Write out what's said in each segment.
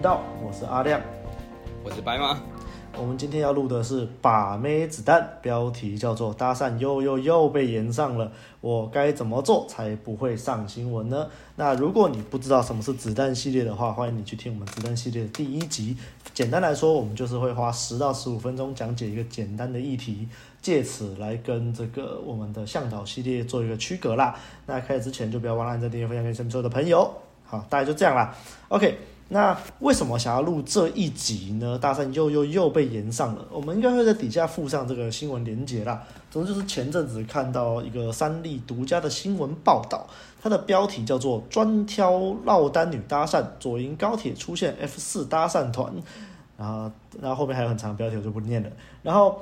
道，我是阿亮，我是白馬。我們今天要錄的是把妹子彈，標題叫做“搭訕又又又被炎上了，我該怎麼做才不會上新聞呢？”那如果你不知道什麼是子彈系列的話，歡迎你去聽我們子彈系列的第一集。簡單來說，我們就是會花十到十五分鐘講解一個簡單的議題，借此來跟這個我們的嚮導系列做一個區隔啦。那開始之前就不要忘了按讚、訂閱、分享給身邊所有的朋友。好，大概就這樣啦。OK。那為什麼想要錄這一集呢？搭訕又又又被炎上了。我們應該會在底下附上這個新聞連結啦。總之就是前陣子看到一個三立獨家的新聞報道，它的標題叫做“專挑落單女搭訕，左營高鐵出現 F4 搭訕團”。然後，然後後面還有很長的標題，我就不念了。然後，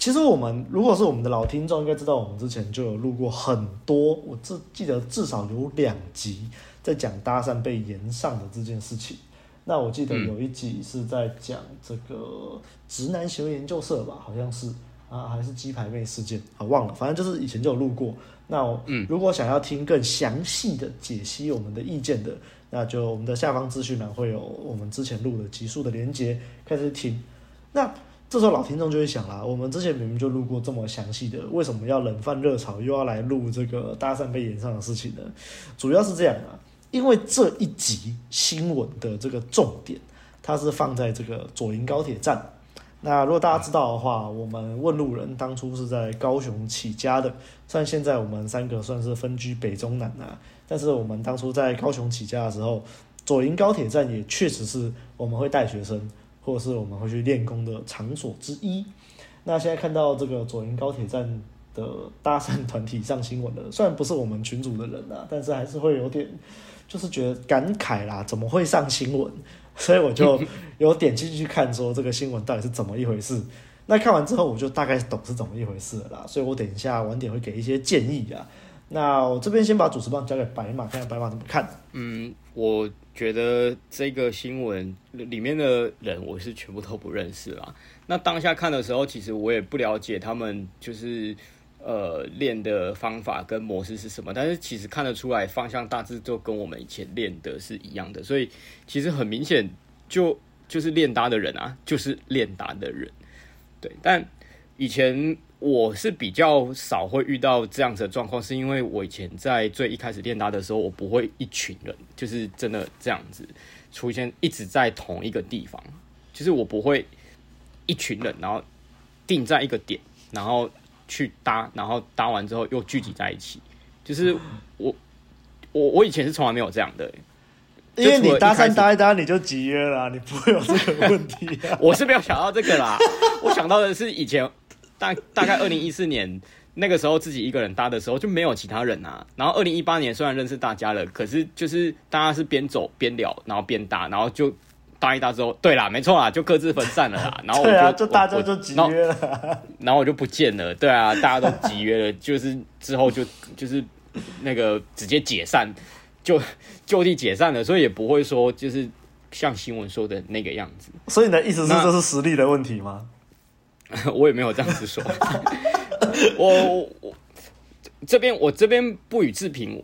其實我們如果是我們的老聽眾，應該知道我們之前就有錄過很多，我只記得至少有兩集在講搭訕被炎上的這件事情。那我記得有一集是在講這個直男行為研究社吧，好像是啊，還是雞排妹事件啊，忘了，反正就是以前就有錄過。那我如果想要聽更詳細的解析我們的意見的，那就我們的下方資訊欄會有我們之前錄的集數的連接，開始聽。那這時候老聽眾就會想了，我們之前明明就錄過這麼詳細的，為什麼要冷飯熱炒又要來錄這個搭訕被炎上的事情呢？主要是這樣啊。因為這一集新聞的這個重點，它是放在這個左營高鐵站。那如果大家知道的話，我們問路人當初是在高雄起家的。雖然現在我們三個算是分居北中南啊，但是我們當初在高雄起家的時候，左營高鐵站也確實是我們會帶學生，或者是我們會去練功的場所之一。那現在看到這個左營高鐵站的搭訕團體上新聞的，雖然不是我們群組的人啊，但是還是會有點。就是覺得感慨啦，怎麼會上新聞？所以我就有點進去看，說這個新聞到底是怎麼一回事。那看完之後，我就大概懂是怎麼一回事了啦。所以我等一下晚點會給一些建議啊。那我這邊先把主持棒交給白馬，看看白馬怎麼看。嗯，我覺得這個新聞裡面的人，我是全部都不認識啦。那當下看的時候，其實我也不了解他們，就是。呃，練的方法跟模式是什麼？但是其實看得出來，方向大致就跟我們以前練的是一樣的，所以其實很明顯，就就是練搭的人啊，就是練搭的人。對，但以前我是比較少會遇到這樣子的狀況，是因為我以前在最一開始練搭的時候，我不會一群人，就是真的這樣子出現，一直在同一個地方，就是我不會一群人，然後定在一個點，然後。去搭，然後搭完之後又聚集在一起，就是我我我以前是從來沒有這樣的、欸，因為你搭訕搭一搭你就急了啦，你不會有這個問題、啊。 我是沒有想到這個啦，我想到的是以前大大概二零一四年那個時候自己一個人搭的時候就沒有其他人啊，然後二零一八年雖然認識大家了，可是就是大家是邊走邊聊，然後邊搭，然後就。大一、大之後，對啦，沒錯啦，就各自分散了啦。然後我就，對啊、就大家都集約了然，然後我就不見了。對啊，大家都集約了， 就是之後就就是那個直接解散，就就地解散了，所以也不會說就是像新聞說的那個樣子。所以你的意思是這是實力的問題嗎？ 我也沒有這樣子說， 我我這，我這邊我這邊不予置評。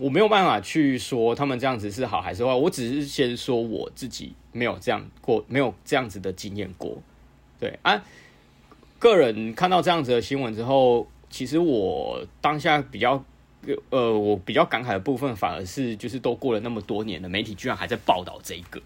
我沒有辦法去說他們這樣子是好還是壞，我只是先說我自己沒有這樣過，沒有這樣子的經驗過。對啊，個人看到這樣子的新聞之後，其實我當下比較呃，我比較感慨的部分，反而是就是都過了那麼多年的媒體，居然還在報道這一個，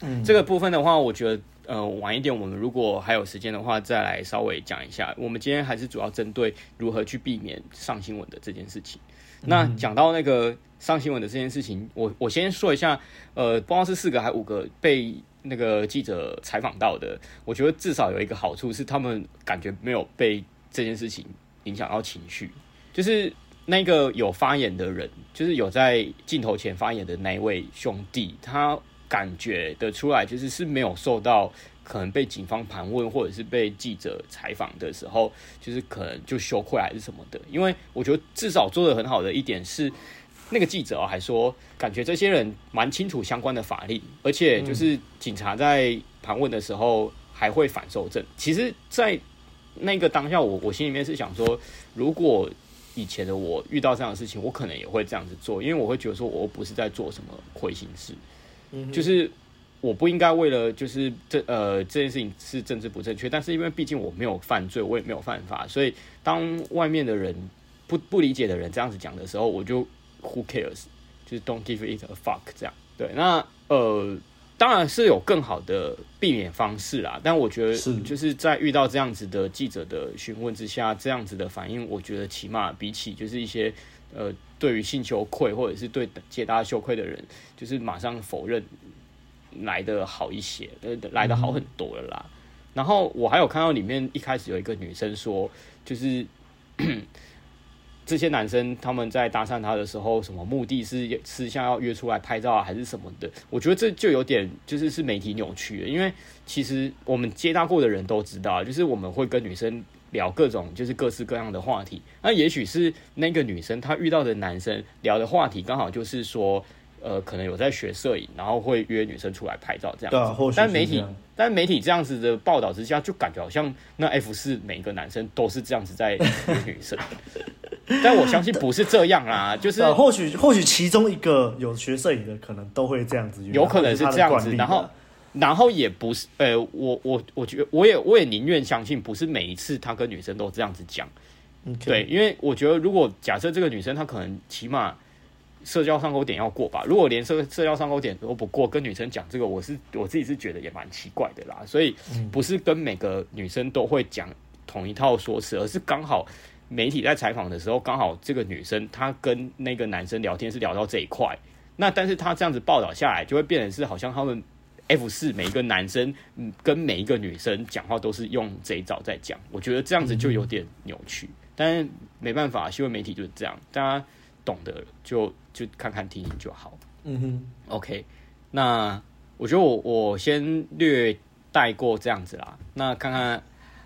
嗯，這個部分的話，我覺得。呃，晚一點我們如果還有時間的話，再來稍微講一下。我們今天還是主要針對如何去避免上新聞的這件事情。那，嗯哼，講到那個上新聞的這件事情，我我先說一下，呃，不知道是四個還是五個被那個記者採訪到的。我覺得至少有一個好處是，他們感覺沒有被這件事情影響到情緒。就是那個有發言的人，就是有在鏡頭前發言的那位兄弟，他。感覺得出來，就是是沒有受到可能被警方盤問，或者是被記者採訪的時候，就是可能就羞愧還是什麼的。因為我覺得至少做得很好的一點是，那個記者還說，感覺這些人蠻清楚相關的法令，而且就是警察在盤問的時候還會反受證。其實，在那個當下，我我心裡面是想說，如果以前的我遇到這樣的事情，我可能也會這樣子做，因為我會覺得說我又不是在做什麼虧心事。Mm-hmm. 就是我不應該為了就是這呃這件事情是政治不正確，但是因為畢竟我沒有犯罪，我也沒有犯法，所以當外面的人不不理解的人這樣子講的時候，我就 Who cares？就是 Don't give it a fuck 這樣。對，那呃。當然是有更好的避免方式啦，但我覺得，就是在遇到這樣子的記者的詢問之下，這樣子的反應，我覺得起碼比起就是一些呃，對於性羞愧或者是對解大羞愧的人，就是馬上否認來得好一些，嗯嗯來得好很多了啦。然後我還有看到裡面一開始有一個女生說，就是。 這些男生他們在搭訕他的時候，什麼目的是私下要約出來拍照還是什麼的？我覺得這就有點就是是媒體扭曲了，因為其實我們接到過的人都知道，就是我們會跟女生聊各種就是各式各樣的話題。那也許是那個女生她遇到的男生聊的話題剛好就是說，呃，可能有在學攝影，然後會約女生出來拍照這樣子。但媒體但媒體這樣子的報道之下，就感覺好像那 F4 每個男生都是這樣子在約女生。 但我相信不是這樣啦，啊，就是、呃、或許或許其中一個有學攝影的可能都會這樣子，有可能是這樣子，然後然後也不是，呃，我我我覺得我也我也寧願相信不是每一次他跟女生都這樣子講，Okay. 對，因為我覺得如果假設這個女生她可能起碼社交上鈎點要過吧，如果連社社交上鈎點都不過，跟女生講這個，我是我自己是覺得也蠻奇怪的啦，所以不是跟每個女生都會講同一套說辭，嗯、而是剛好。媒體在採訪的時候，剛好這個女生她跟那個男生聊天是聊到這一塊，那但是她這樣子報道下來，就會變成是好像他們 F 四每一個男生跟每一個女生講話都是用這一招在講，我覺得這樣子就有點扭曲，嗯、但是沒辦法，新聞媒體就是這樣，大家懂得就就看看聽聽就好。嗯哼，OK，那我覺得我我先略帶過這樣子啦，那看看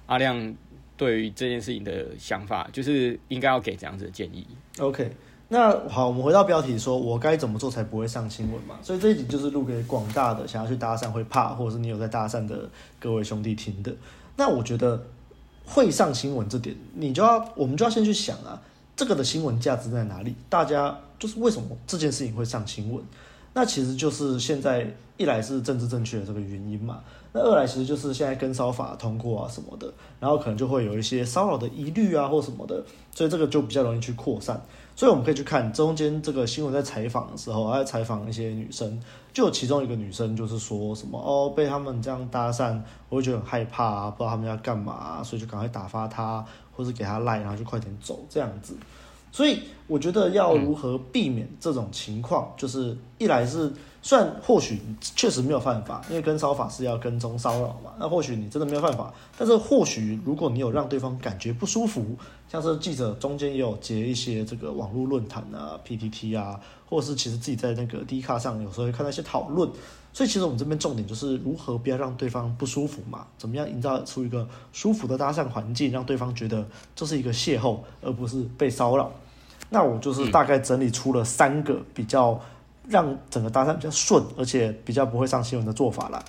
阿亮。對於這件事情的想法，就是應該要給這樣子的建議。OK，那好，我們回到標題說，說我該怎麼做才不會上新聞嘛？所以這一集就是錄給廣大的想要去搭訕會怕，或者是你有在搭訕的各位兄弟聽的。那我覺得會上新聞這點，你就要我們就要先去想啊，這個的新聞價值在哪裡？大家就是為什麼這件事情會上新聞？那其實就是現在一來是政治正確的這個原因嘛，那二來其實就是現在跟騷法通過啊什麼的，然後可能就會有一些騷擾的疑慮啊或什麼的，所以這個就比較容易去擴散。所以我們可以去看中間這個新聞在採訪的時候，他在採訪一些女生，就有其中一個女生就是說什麼哦，被他們這樣搭訕，我會覺得很害怕啊，不知道他們要幹嘛啊，所以就趕快打發他，或是給他賴，然後就快點走這樣子。所以我覺得要如何避免這種情況，嗯、就是一來是雖然或許你確實沒有犯法，因為跟騷法是要跟蹤騷擾嘛。那或許你真的沒有犯法，但是或許如果你有讓對方感覺不舒服，像是記者中間也有截一些這個網絡論壇啊、PTT 啊，或者是其實自己在那個 D 卡上有時候會看到一些討論。所以其實我們這邊重點就是如何不要讓對方不舒服嘛，怎麼樣營造出一個舒服的搭訕環境，讓對方覺得這是一個邂逅，而不是被騷擾。那我就是大概整理出了三個比較讓整個搭訕比較順，而且比較不會上新聞的做法了。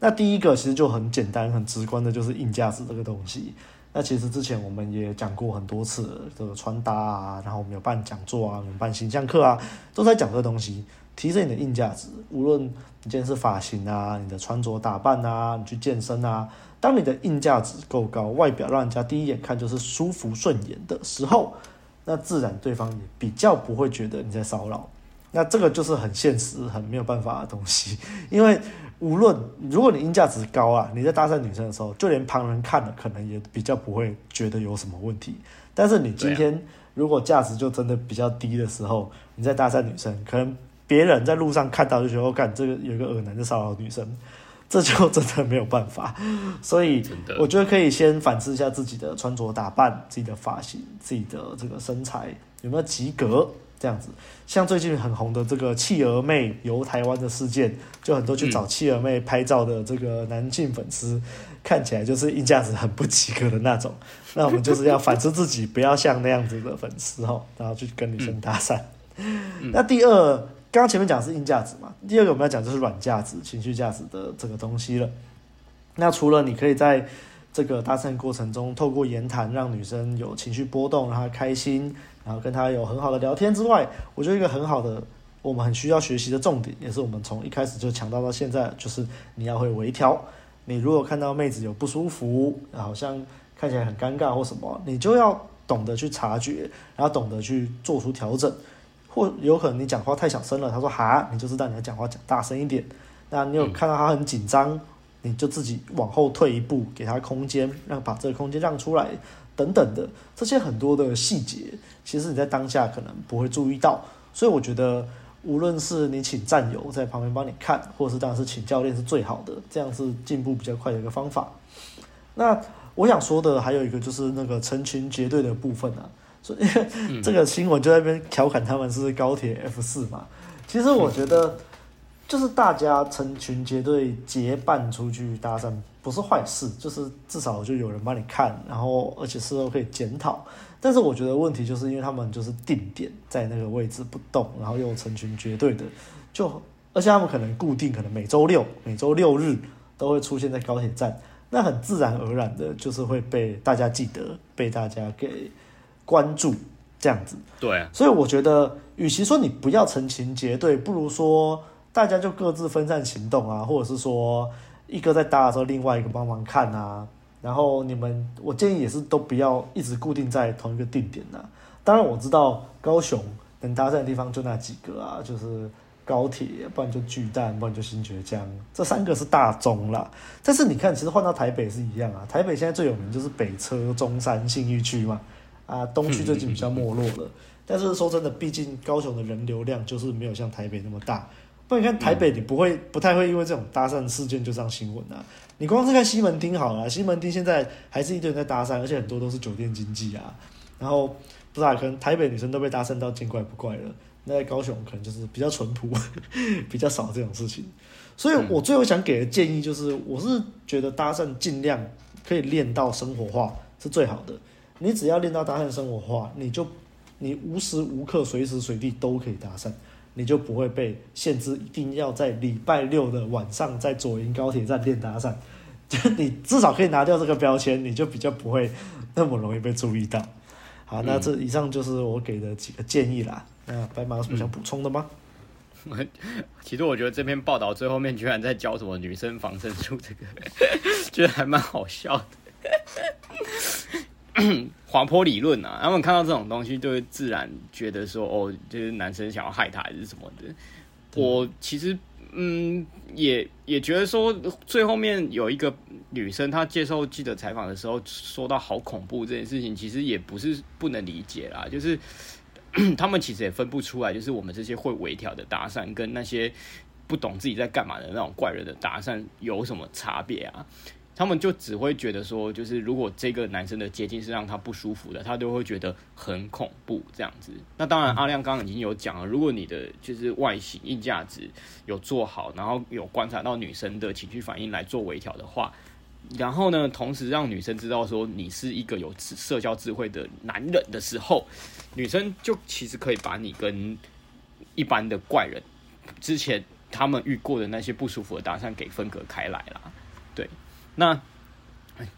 那第一個其實就很簡單、很直觀的，就是硬價值這個東西。那其實之前我們也講過很多次這個穿搭啊，然後我們有辦講座啊，有辦形象課啊，都在講這個東西，提升你的硬價值。無論你今天是髮型啊、你的穿着打扮啊、你去健身啊，當你的硬價值夠高，外表讓人家第一眼看就是舒服、順眼的時候。那自然對方也比較不會覺得你在騷擾，那這個就是很現實、很沒有辦法的東西。因為無論如果你硬價值高啊，你在搭訕女生的時候，就連旁人看了可能也比較不會覺得有什麼問題。但是你今天如果價值就真的比較低的時候，你在搭訕女生，可能別人在路上看到就覺得，我幹這個有一個惡男在騷擾女生。這就真的沒有辦法，所以我覺得可以先反思一下自己的穿着打扮、自己的髮型、自己的這個身材有沒有及格這樣子。像最近很紅的這個“企鵝妹”遊台灣的事件，就很多去找“企鵝妹”拍照的這個男性粉絲，嗯、看起來就是硬價值很不及格的那種。那我們就是要反思自己， 不要像那樣子的粉絲哦，然後去跟女生搭訕。嗯、那第二。剛剛前面講的是硬價值嘛，第二個我們要講就是軟價值、情緒價值的這個東西了。那除了你可以在這個搭訕過程中透過言談讓女生有情緒波動，讓她開心，然後跟她有很好的聊天之外，我覺得一個很好的我們很需要學習的重點，也是我們從一開始就強調到現在，就是你要會微調。你如果看到妹子有不舒服，好像看起來很尷尬或什麼，你就要懂得去察覺，然後懂得去做出調整。或有可能你講話太小聲了，他說哈，你就是讓你的講話講大聲一點。那你有看到他很緊張，你就自己往後退一步，給他空間，讓把這個空間讓出來，等等的這些很多的細節，其實你在當下可能不會注意到。所以我覺得，無論是你請戰友在旁邊幫你看，或者是當然是請教練是最好的，這樣是進步比較快的一個方法。那我想說的還有一個就是那個成群結隊的部分啊。所以這個新聞就在那邊調侃他們是，是高鐵 F 四嘛。其實我覺得，就是大家成群結隊結伴出去搭訕不是壞事，就是至少就有人幫你看，然後而且事後可以檢討。但是我覺得問題就是因為他們就是定點在那個位置不動，然後又成群結隊的，就而且他們可能固定，可能每週六、每週六日都會出現在高鐵站，那很自然而然的就是會被大家記得，被大家給。關注這樣子，對，所以我覺得，與其說你不要成群結隊，不如說大家就各自分散行動啊，或者是說一個在搭的時候，另外一個幫忙看啊。然後你們，我建議也是都不要一直固定在同一個地點啊。當然我知道高雄能搭訕的地方就那幾個啊，就是高鐵，不然就巨蛋，不然就新崛江，這三個是大宗啦。但是你看，其實換到台北是一樣啊。台北現在最有名就是北車、中山、信義區嘛。啊，東區最近比較沒落了。嗯嗯嗯嗯，但是說真的，畢竟高雄的人流量就是沒有像台北那麼大。不然你看台北，你不會、嗯、不太會因為這種搭訕事件就上新聞啊。你光是看西門町好了，西門町現在還是一堆人在搭訕，而且很多都是酒店經濟啊。然後不知道，可能台北女生都被搭訕到見怪不怪了，那在高雄可能就是比較淳樸， 比較少這種事情。所以我最後想給的建議就是，我是覺得搭訕盡量可以練到生活化是最好的。你只要練到搭訕生活化，你就你無時無刻、隨時隨地都可以搭訕，你就不會被限制，一定要在禮拜六的晚上在左營高鐵站練搭訕，就你至少可以拿掉這個標籤，你就比較不會那麼容易被注意到。好，那這以上就是我給的幾個建議啦。嗯、那白馬有什麼想補充的嗎、嗯？其實我覺得這篇報道最後面居然在教什麼女生防身術，這個覺得 還蠻好笑的。 滑坡理論啊，他們看到這種東西，就會自然覺得說，哦，就是男生想要害他，還是什麼的。嗯、我其實，嗯，也也覺得說，最後面有一個女生，她接受記者採訪的時候，說到好恐怖這件事情，其實也不是不能理解啦，就是、嗯、他們其實也分不出來，就是我們這些會微調的搭訕，跟那些不懂自己在幹嘛的那種怪人的搭訕有什麼差別啊？他們就只會覺得說，就是如果這個男生的接近是讓他不舒服的，他就會覺得很恐怖這樣子。那當然，阿亮剛剛已經有講了，如果你的就是外形硬價值有做好，然後有觀察到女生的情緒反應來做微調的話，然後呢，同時讓女生知道說你是一個有社交智慧的男人的時候，女生就其實可以把你跟一般的怪人之前他們遇過的那些不舒服的搭訕給分隔開來啦。對。那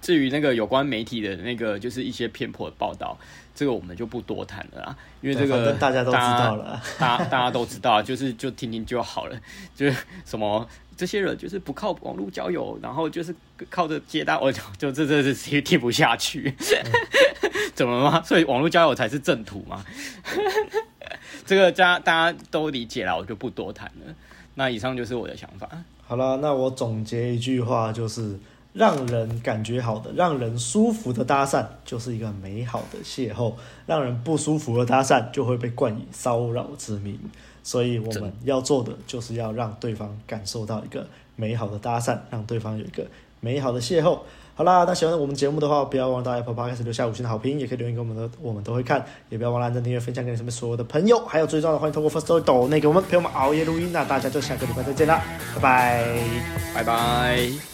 至於那個有關媒體的那個，就是一些偏頗的報道，這個我們就不多談了啊，因為這個大家都知道了，大家， 大家大家都知道，就是就聽聽就好了，就是什麼這些人就是不靠網絡交友，然後就是靠着街搭，我就就這這這聽不下去， 嗯、怎麼嗎？所以網絡交友才是正途嘛。 這個大家大家都理解了，我就不多談了。那以上就是我的想法。好了，那我總結一句話就是。讓人感覺好的、讓人舒服的搭訕，就是一個美好的邂逅；讓人不舒服的搭訕，就會被冠以騷擾之名。所以我們要做的，就是要讓對方感受到一個美好的搭訕，讓對方有一個美好的邂逅。好啦，那喜歡我們節目的話，不要忘了到 Apple Podcast 留下五星的好評，也可以留言給我們的，的我們都會看。也不要忘了按贊、訂閱、分享給你身邊所有的朋友。還有最重要的，歡迎通過 First Story 抖內給我們，陪我們熬夜錄音。那大家就下個禮拜再見啦，拜拜，拜拜。